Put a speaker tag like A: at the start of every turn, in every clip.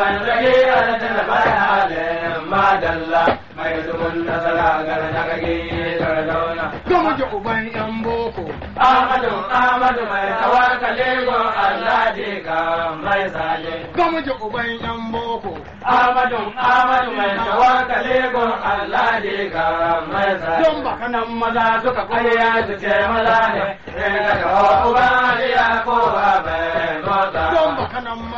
A: kan rage alatin bayanin madalla mai dubun nasara gar nagage sardauna kuma ji uban yan boko ahmadu ahmadu mai tawakkale go allah de ka mai zale
B: kuma ji uban yan boko ahmadu ahmadu mai tawakkale go allah de ka mai zale don baka nan
A: maza suka kare ya su ce maza ne sai ga uban ya ko ba bai mota
B: don baka nan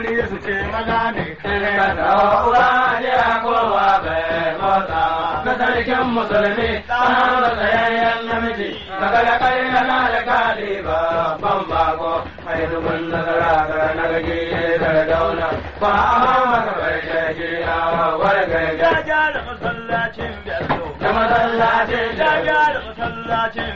B: wuri su ce maza ne. Kada uba ne kowa bai
A: mota. Na sarkin musulmi an matsayayyen namiji. Daga da kai na na da kali babban bako. Mai dubin nasara gara na gaji ne da dauna. Ba a mama ka bai shaji a wargaje. Ya ja da masallacin biyar. Da masallacin. Ya masallacin.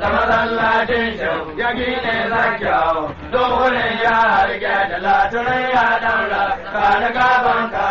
A: da masallacin shehu ya gine zakyawo dogonin ya harge da latunan ya daura ka da gaban ka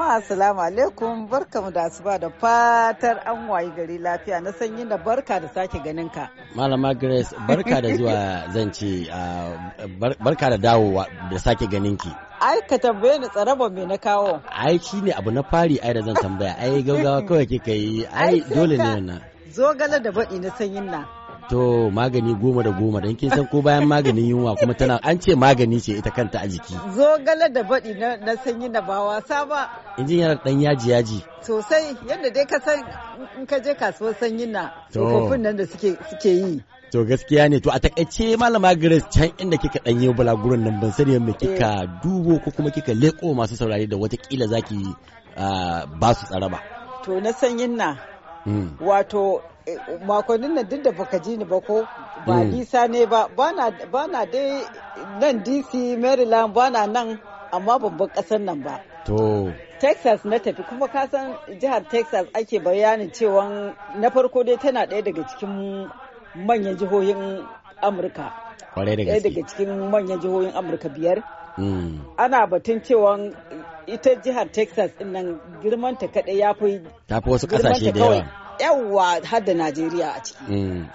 C: jama'a salamu alaikum barkamu da asuba da fatar an wayi gari lafiya na sanyi da barka da sake ganin ka
D: malama grace barka da zuwa zan ce barka da dawowa da sake ganin ki
C: ai ka tambaye ni tsaraban me na kawo
D: ai shine abu na fari ai da zan tambaya ai gaugawa kawai kika yi ai dole ne wannan
C: zogale da baɗi na sanyin nan
D: to magani goma da goma don kin san ko bayan maganin yunwa kuma tana an ce magani ce ita kanta a jiki
C: zogale da baɗi na sanyi na ba wasa ba
D: injin dan yaji yaji
C: sosai yadda dai ka san in ka je kasuwar sanyi na tsofaffin nan da suke yi
D: To gaskiya ne to a takaice malama Grace can inda kika dan yi bulagurin nan ban sani me kika eh. dubo ko kuma kika leko masu saurari da kila zaki ah, ba su tsara ba.
C: To na sanyin na. Hmm. Wato makonin nan duk da baka ji ni ba ko ba mm. nisa ne ba ba na dai nan dc maryland ba na nan amma babban kasar nan ba to texas na tafi kuma kasan jihar texas ake bayanin cewa na farko dai tana ɗaya daga cikin manyan jihohin amurka
B: ɗaya daga
C: cikin manyan jihohin amurka biyar mm. ana batun cewa ita jihar texas nan girmanta kaɗai ya fi
D: wasu ƙasashe da yawa
C: yawwa har da najeriya a
D: ciki mm.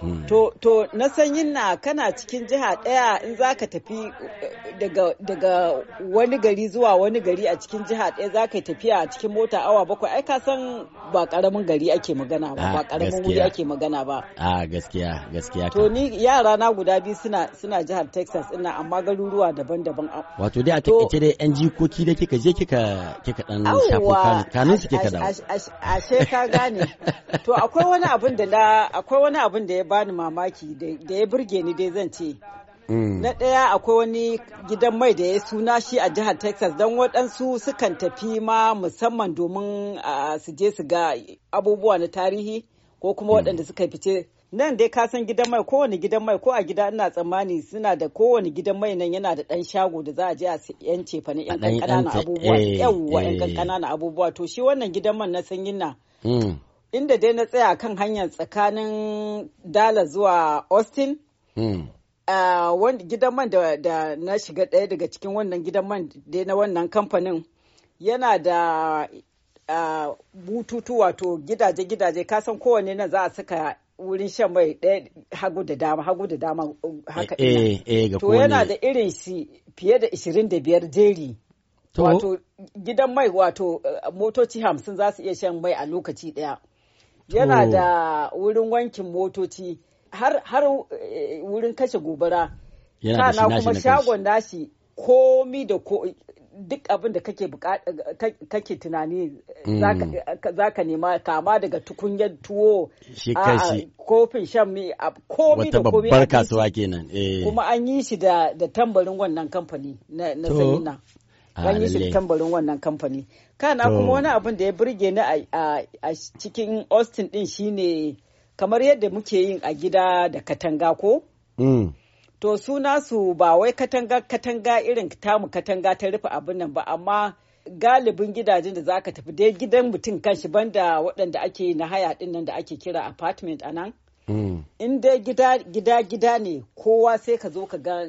D: Hmm.
C: To, na sanyin na kana cikin jiha ɗaya in za ka tafi eh, daga, wani gari zuwa wani gari a cikin jiha ɗaya za ka tafiya a cikin mota awa bakwai ai ka san ba ƙaramin gari ake magana ba ba ah, ƙaramin wuri ake magana ba.
D: A ah, gaskiya gaskiya. To ni
C: yara na guda biyu suna suna jihar Texas ina amma garuruwa daban-daban.
D: Wato dai a takaice dai yan jikoki da kika je kika kika dan shafo kanun su kika dawo.
C: Ashe ka gane. To akwai wani abin da akwai wani abin da ya bani mamaki da ya burge ni dai zan ce hmm. na ɗaya akwai wani gidan mai da ya suna shi a jihar texas don waɗansu sukan tafi ma musamman domin su je su ga abubuwa na tarihi ko kuma hmm. waɗanda suka fice nan dai ka san gidan mai kowane gidan mai ko a gida ina tsammani suna da kowane gidan mai nan yana da ɗan shago da za a je a yan cefa na yan abubuwa yawwa yan na abubuwa to shi wannan gidan man na sanyin na hmm. inda dai na tsaya kan hanyar tsakanin dala zuwa austin hmm. gidan man da na shiga ɗaya daga cikin wannan gidan man dai na wannan kamfanin yana da bututu wato gidaje-gidaje kasan kowanne na za a saka wurin shan mai ɗaya hagu da dama hagu da dama um, haka eh,
D: ina eh, eh, to yana da
C: irin shi fiye da 25 jeri wato gidan mai wato uh, motoci hamsin za su iya shan mai a lokaci ɗaya yana da wurin wankin motoci har eh, wurin kashe gobara
D: kana kuma shagon
C: nashi komi da ko duk abin da kake tunani eh, mm. za ka nema kama daga tukunyar tuwo a kofin shan mi a komi da komi a
D: kasuwa eh. kuma
C: an yi shi da tambarin wannan kamfani na sayina
D: Ah, an yi shi tambarin
C: wannan kamfani kana kuma wani abin da ya burge ni a cikin austin din shine kamar yadda muke yin a gida da katanga ko mm. to suna su ba wai katanga katanga irin tamu katanga ta rufe abin nan ba amma galibin gidajen da zaka tafi dai gidan mutum kanshi banda waɗanda ake na haya din nan da ake kira apartment a nan mm. in dai gida gida ne kowa sai ka zo ka ga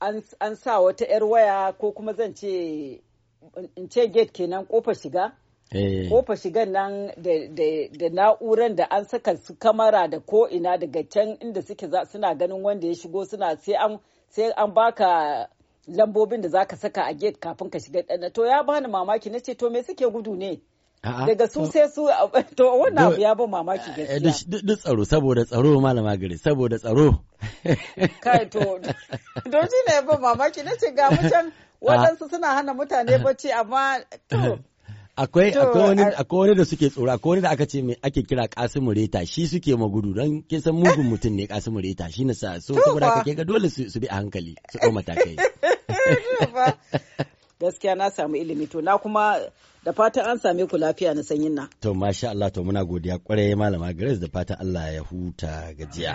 C: an sa wata 'yar waya ko kuma zan ce in ce gate kenan kofar shiga kofar eh. shigan nan da na'uran da an saka su kamara da ko ina daga can inda suke suna ganin wanda ya shigo suna sai an sai an baka lambobin da zaka saka a gate kafin ka shiga to ya bani mamaki na ce to me suke gudu ne daga su sai su to wannan abu ya ban mamaki eh, gaskiya
D: duk tsaro saboda tsaro malama gari saboda tsaro kai to
C: don shi ne ban mamaki na ce ga mutan
D: ah. waɗansu
C: suna hana mutane bacci amma
D: to akwai akwai wani da suke tsoro akwai wani da aka ce ake kira Kasimu Reta shi suke magudu don kin san mugun mutum ne Kasimu Reta shi na sa so saboda haka ga dole su bi a hankali su ɗau matakai
C: gaskiya na samu ilimi to na kuma da fatan an same ku lafiya na sanyin na.
D: To masha Allah to muna godiya kwarai malama Grace da fatan Allah ya huta gajiya.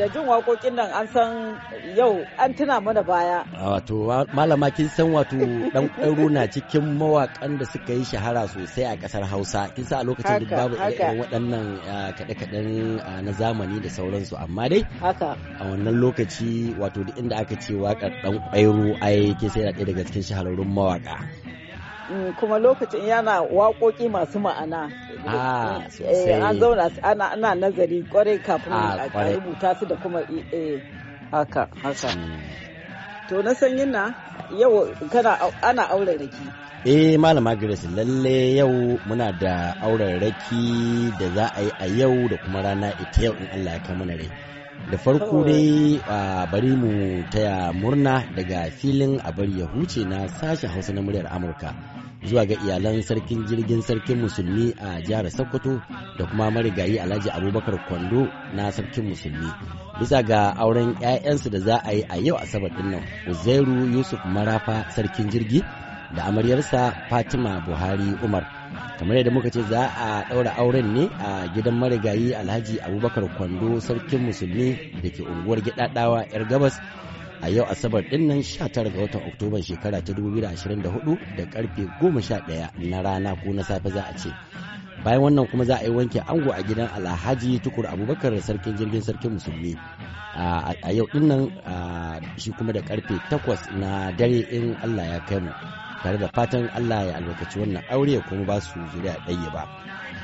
C: da jin waƙoƙin nan an san yau an tuna mana baya.
D: Wato malama kin san wato dan ƙwairo na cikin mawaƙan da suka yi shahara sosai a ƙasar Hausa. Kin san a lokacin da babu irin waɗannan kaɗe-kaɗen na zamani da sauransu amma dai a wannan lokaci wato duk inda aka ce waƙar ɗan ƙwairo ai kin sai na ɗaya daga cikin shahararrun mawaƙa.
C: Mm, kuma lokacin yana waƙoƙi masu ma'ana
D: ah, eh, an zauna
C: ana nazari kwarai kafin ah, a rubuta su da kuma eh, eh. haka haka hmm. to na san yana yau kana ana auren raki
D: eh malama grace lalle yau muna da auren raki da za a yi a yau da kuma rana ita yau in Allah ya kai mana rai da farko dai bari mu taya murna daga filin abar ya huce na sashen hausa na muryar amurka zuwa ga iyalan sarkin jirgin sarkin musulmi a jihar sokoto da kuma marigayi alhaji abubakar kwando na sarkin musulmi bisa ga auren 'ya'yansu da za a yi a yau asabar din nan uzairu yusuf marafa sarkin jirgi da amaryarsa fatima buhari umar kamar yadda muka ce za a ɗaura auren ne a gidan marigayi alhaji abubakar kwando sarkin musulmi da ke unguwar gidaɗawa 'yar gabas a yau asabar din nan 19 ga watan oktoban shekara ta 2024 da karfe 11 na rana ko na safe za a ce bayan wannan kuma za a yi wanke ango a gidan alhaji tukur abubakar sarkin jirgin sarkin musulmi a yau din nan shi kuma da karfe 8 na dare in allah ya kai mu tare da fatan Allah ya albarkaci wannan aure ya kuma ba su zuriya ɗaya ba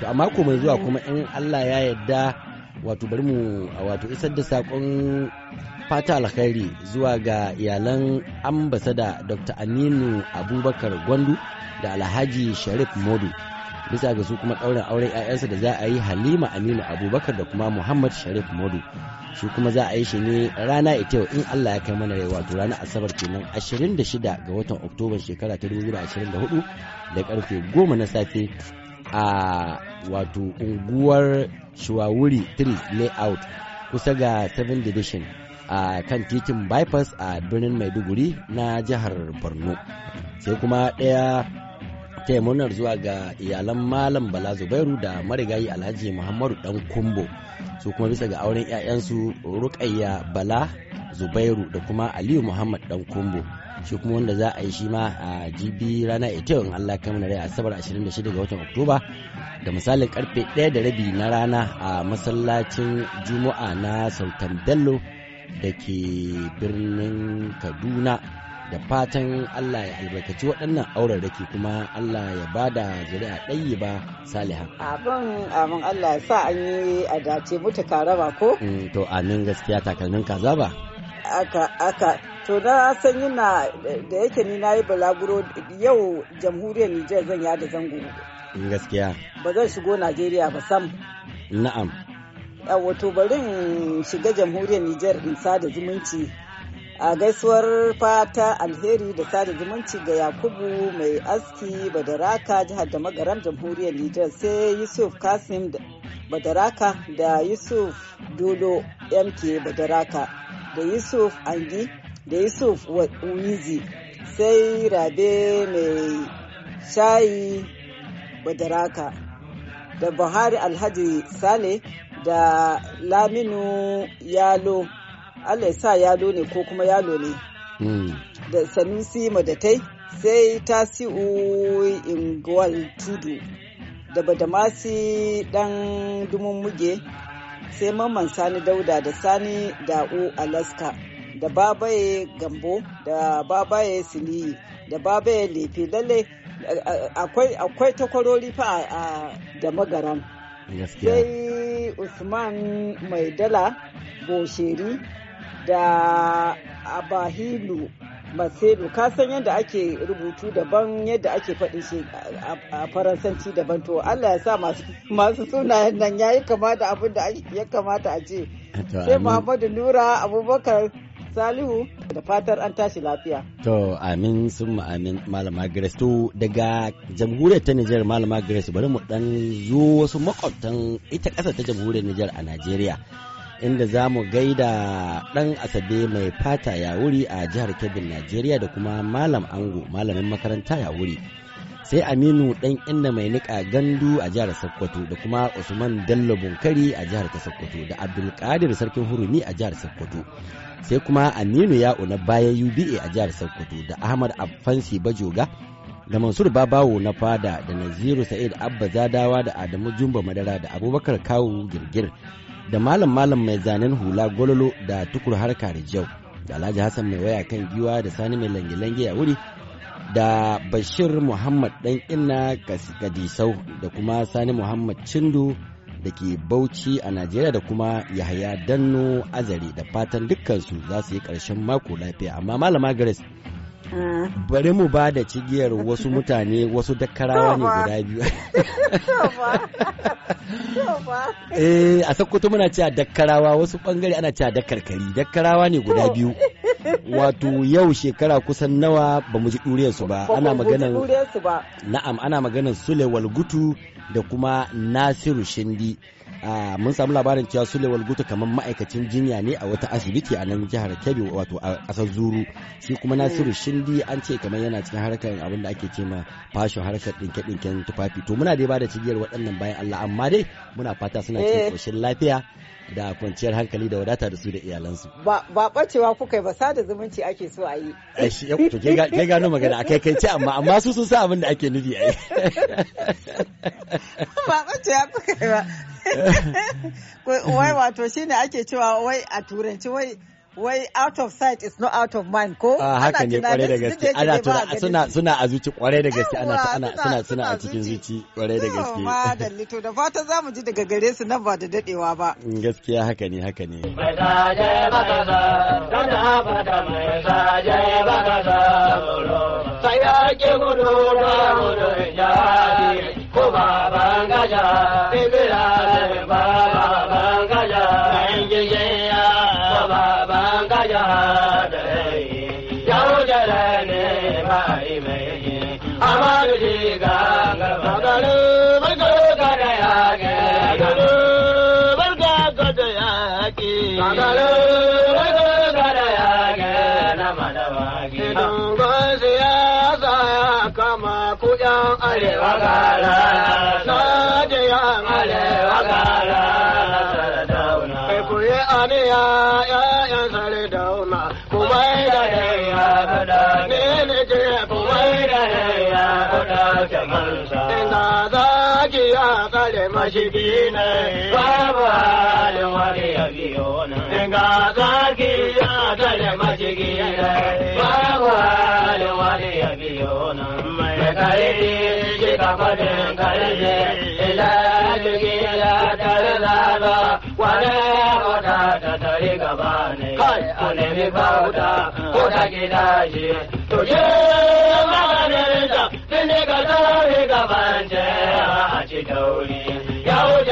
D: to a mako mai zuwa kuma in Allah ya yarda wato bari mu wato isar da saƙon fata alkhairi zuwa ga iyalan ambasada Dr. Aminu Abubakar Gwandu da Alhaji Sharif Modu bisa ga su kuma ɗaurin auren 'ya'yansa da za a yi halima aminu abubakar da kuma muhammad sharif modu su kuma za a yi shi ne rana ita in allah ya kai mana rai wato rana asabar kenan 26 ga watan oktoba shekara ta 2024 da karfe 10 na safe a wato unguwar shawawuri 3 layout kusa ga 7 division a kan titin bypass a birnin maiduguri na jihar borno sai kuma ɗaya taya murnar zuwa ga iyalan malam bala zubairu da marigayi alhaji muhammadu dan kumbo su kuma bisa ga auren 'ya'yansu rukayya bala zubairu da kuma aliyu muhammad dan kumbo shi kuma wanda za a yi shi ma a jibi rana ita in allah kai mana rai a sabar 26 ga watan oktoba da misalin karfe 1 da rabi na rana a masallacin juma'a na sautan bello da ke birnin kaduna da fatan Allah ya albarkaci waɗannan auren rake kuma Allah ya ba da zuri'a ɗayi ba saliha.
C: Abin amin Allah ya sa an yi a dace mutu karaba ko?
D: Mm, to amin gaskiya takalmin kaza ba.
C: Aka aka to na san yana da yake ni na yi balaguro yau jamhuriyar Nijar zan ya da zango. Mm, gaskiya. Ba zan shigo Najeriya ba sam. Na'am. Yawa to barin in shiga jamhuriyar Nijar in sada zumunci. a gaisuwar fata alheri da sada zumunci ga yakubu mai aski badaraka jihar da magaram jamhuriyar nijar sai yusuf kasim badaraka da yusuf dolo mk badaraka da yusuf angi da yusuf wizi sai rabe mai shayi badaraka da buhari alhaji sale da laminu yalo allah ya sa yalo ne ko kuma yalo ne hmm. da sanusi madatai sai tasi'u ingwal tudu da badamasi dan dumin muge sai mamman sani dauda da sani da'u alaska da babaye gambo da babaye siliyi da babaye lefe lalle akwai takwarori fa da magaran sai usman Maidala dala bosheri da abahilu macedo ka san yadda ake rubutu daban yadda ake faɗin shi a faransanci daban to allah ya sa masu sunayen nan ya yi kama da abin da ya kamata a ce
D: sai muhammadu
C: nura abubakar salihu da fatar an tashi lafiya
D: to amin sun amin malama grace to daga jamhuriyar ta nijar malama grace bari mu dan zo wasu makwabtan ita ƙasa ta jamhuriyar nijar a najeriya inda za mu gaida ɗan asabe mai fata ya wuri a jihar Kebbi najeriya da kuma malam ango malamin makaranta ya wuri sai aminu ɗan inda mai niƙa gandu a jihar sokoto da kuma usman dallo bunkari a jihar ta sokoto da abdulkadir sarkin hurumi a jihar sokoto sai kuma aminu ya na bayan uba a jihar sokoto da ahmad afansi bajoga da mansur babawo na fada da naziru sa'id abba zadawa da adamu jumba madara da abubakar kawu girgir da malam malam mai zanen hula gololo da tukur harka da jau da alhaji hassan mai waya kan giwa da sani mai lange-lange a wuri da bashir muhammad dan inna kadisau da kuma sani muhammad cindu da ke bauchi a najeriya da kuma yahaya danno azari da fatan dukkansu za su yi ƙarshen mako lafiya amma malama grace bari mu ba da cigiyar wasu mutane wasu dakkarawa ne guda biyu eh, a sakkwato muna cewa dakkarawa wasu bangare ana cewa dakkarkari dakkarawa ne guda biyu wato yau shekara kusan nawa ba mu ji ɗuriyarsu ba ana maganar na'am ana maganar sule walgutu da kuma nasiru shindi mun samu labarin cewa Sulewal Gutu kamar ma'aikacin jinya ne a wata asibiti a nan jihar Kebbi wato a ƙasar Zuru shi kuma Nasiru Shindi an ce kamar yana cikin harkar abin da ake cema fashon harkar dinke ɗinken tufafi to muna dai bada cigiyar waɗannan bayan Allah amma dai muna fata suna cikin eh. ƙoshin lafiya da kwanciyar hankali da wadata da su da iyalansu
C: ba bacewa kuka ba sada zumunci ake so a yi
D: eh, to ke gano magana a kai ce amma amma su sun sa abin da ake nufi eh. a
C: yi ba bacewa kuka ba wai wato shine ake cewa wai a turanci wai wai out of sight is not out of mind ko ah, haka ne kwarai da gaske ana tuna suna
D: suna a zuci kwarai da gaske ana ana suna suna a cikin zuci kwarai da gaske ma da
C: lito da fata zamu ji daga gare su nan ba da dadewa ba
D: mm, gaskiya haka ne haka ne
A: ko ba ban gaja bibira ba Uh... mashigina babu halin wani ya biyo nan ga sarki ya tare mashigina babu halin wani ya biyo nan mai karfi shi kafadin karfi ila jirgi ya tare zaba wani mota ta tare gaba ne kai a nemi bauta ko ta gida shi to je maganin da tun daga tare gaban ce a ci tauri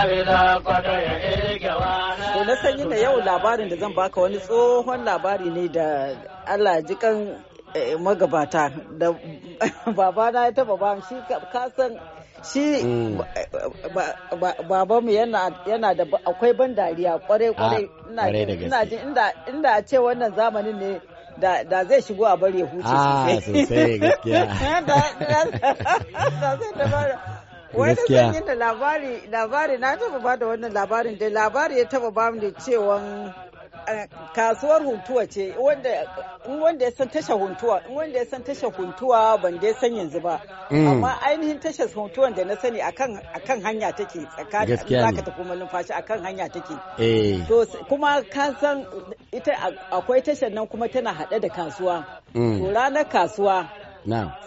C: To na sanyi na yau labarin da zan baka wani tsohon labari ne da Allah jikan eh, magabata da babana ya taba ba shi kasan shi mm. babanmu yana da akwai ban dariya kwarai-kwarai ah, ina inda a ce wannan zamanin ne da zai shigo a bari ya huce ah, sosai
B: wani sanyin
C: da labari labari na taba ba da wannan labarin da labari ya taba ba da cewa. Eh, kasuwar huntuwa ce wanda ya san tasha huntuwa wanda ya san tasha huntuwa ban dai san yanzu ba mm. amma ainihin tashar huntuwa da na sani akan hanya take tsakanin zaka tafi malumfashi akan hanya take
D: eh. to
C: kuma ka san ita akwai tashar nan kuma tana hade da kasuwa mm. to ranar kasuwa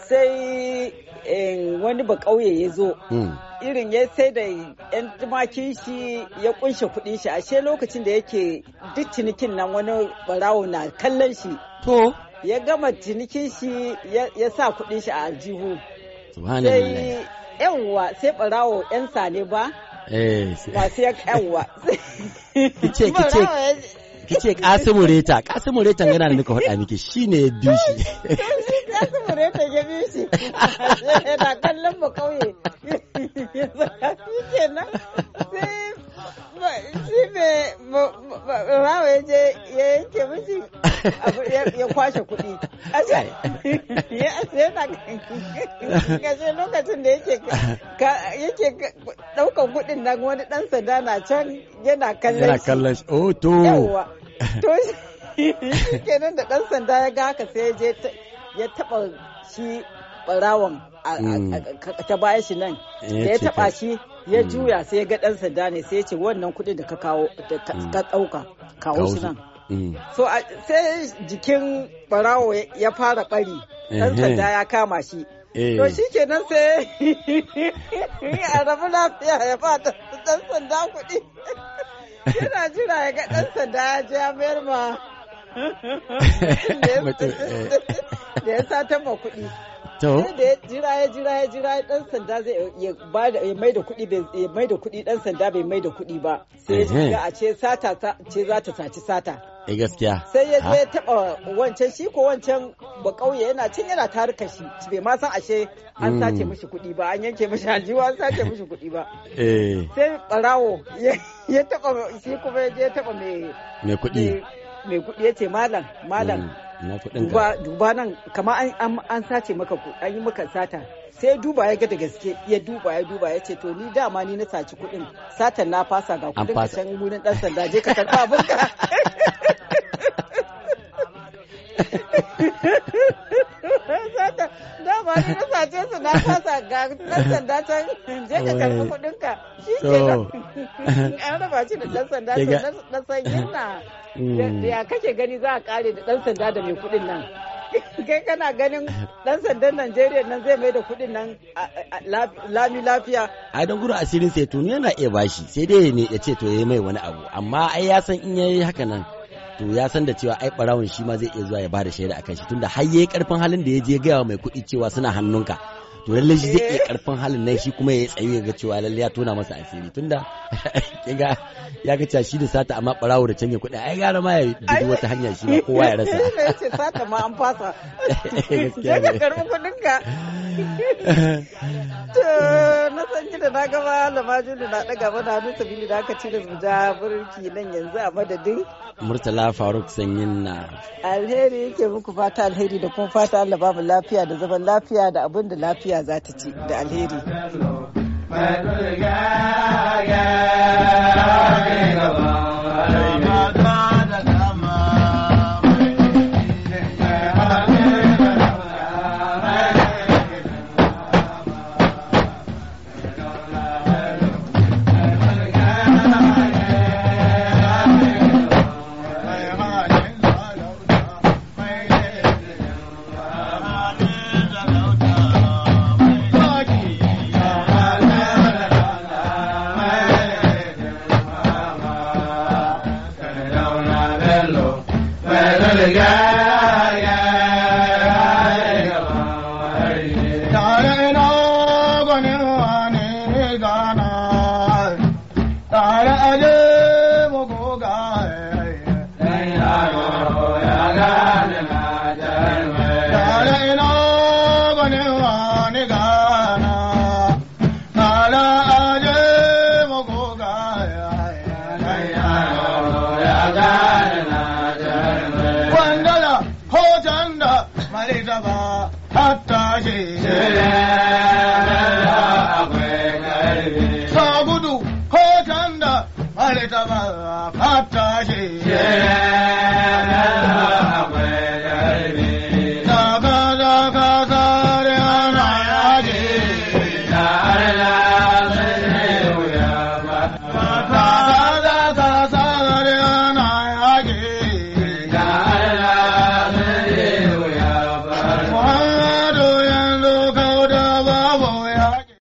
C: sai Eh, wani ba kauye ya zo hmm. irin ya sai da yan tumakin shi ya kunshe kudin shi ashe lokacin da yake duk cinikin nan wani barawo na kallon shi to ya gama cinikin shi ya sa kudin shi a aljihu sai yawwa sai barawo yan sane ba masu eh, ya yawwa
D: kice kice kice Kasimu Reta yana da muka faɗa miki shine ya bi shi
A: tsumure ta gabe shi yana kallon mu kauye
C: kenan shi ne rawa ya je ya yanke mishi ya kwashe kuɗi yana lokacin da yake ɗaukan kuɗin nan wani ɗan sanda na can yana kallon yana
D: kallon shi oh to to
C: kenan da ɗan sanda ya ga haka sai ya je ya taba shi barawan hmm. a ta baya shi nan da ya taba shi ya hmm. juya sai ya ga dan sanda ne sai ya ce wannan kuɗin da ka kawo hmm. ka ɗauka kawo shi nan so sai jikin barawo ya fara bari
B: dan sanda
C: ya kama shi eh. to shi kenan sai a rabu lafiya ya ba dan sanda kudi
B: yana
C: jira ya ga dan sanda ya je ya mayar ma da ya ta ma kuɗi to da ya jira ya jira ya jira dan sanda zai ya ba da ya maida kuɗi ya mai da kuɗi dan sanda bai mai da kuɗi ba
D: sai ya a
C: ce sata ce za ta saci sata
D: eh gaskiya sai ya je
C: taba wancan shi ko wancan ba kauye yana cin yana tarika shi bai ma san ashe an mm. sace mishi kuɗi ba an yanke mishi aljiwa an sace mishi kuɗi ba eh sai barawo ya taba shi kuma ya je taba mai mai kuɗi mai kuɗi ya ce malam malam mm. duba nan kama an sace maka an yi maka sata sai duba ya ga da gaske ya duba ya duba ya ce to ni dama ni na saci kuɗin satan na fasa ga kuɗin ka can ɗan sanda je ka karɓa abinka dama ni kake gani za kare da dan sanda da mai ganin dan sandan Najeriya nan zai mai da kuɗin nan lami
D: lafiya. Ai don gura asirin sai tuni yana iya bashi sai dai ne ya ce to yayi mai wani abu amma ai ya san in yayi haka nan to ya san da cewa ai barawon shi ma zai iya zuwa ya bada shaida akan shi tunda har yayi karfin halin da ya je gaya mai kuɗi cewa suna hannunka to lalle shi zai iya eh. karfin halin nan shi kuma ya tsayu ya ga cewa lalle ya tona masa asiri tunda kinga ya ga cewa shi da sata amma barawo da canje kuɗi ai gara ma ya dubi wata hanya shi ma kowa ya rasa ce
C: ka kuɗin ka na san gida na gaba lamajin da na daga mana hannun sabili da aka cire zuja burki nan yanzu a madadin.
D: Murtala Faruk Sanyin na.
C: Alheri yake muku fata alheri da kuma fata Allah ba lafiya da zaman lafiya da abin da lafiya za ta ci da alheri. Mai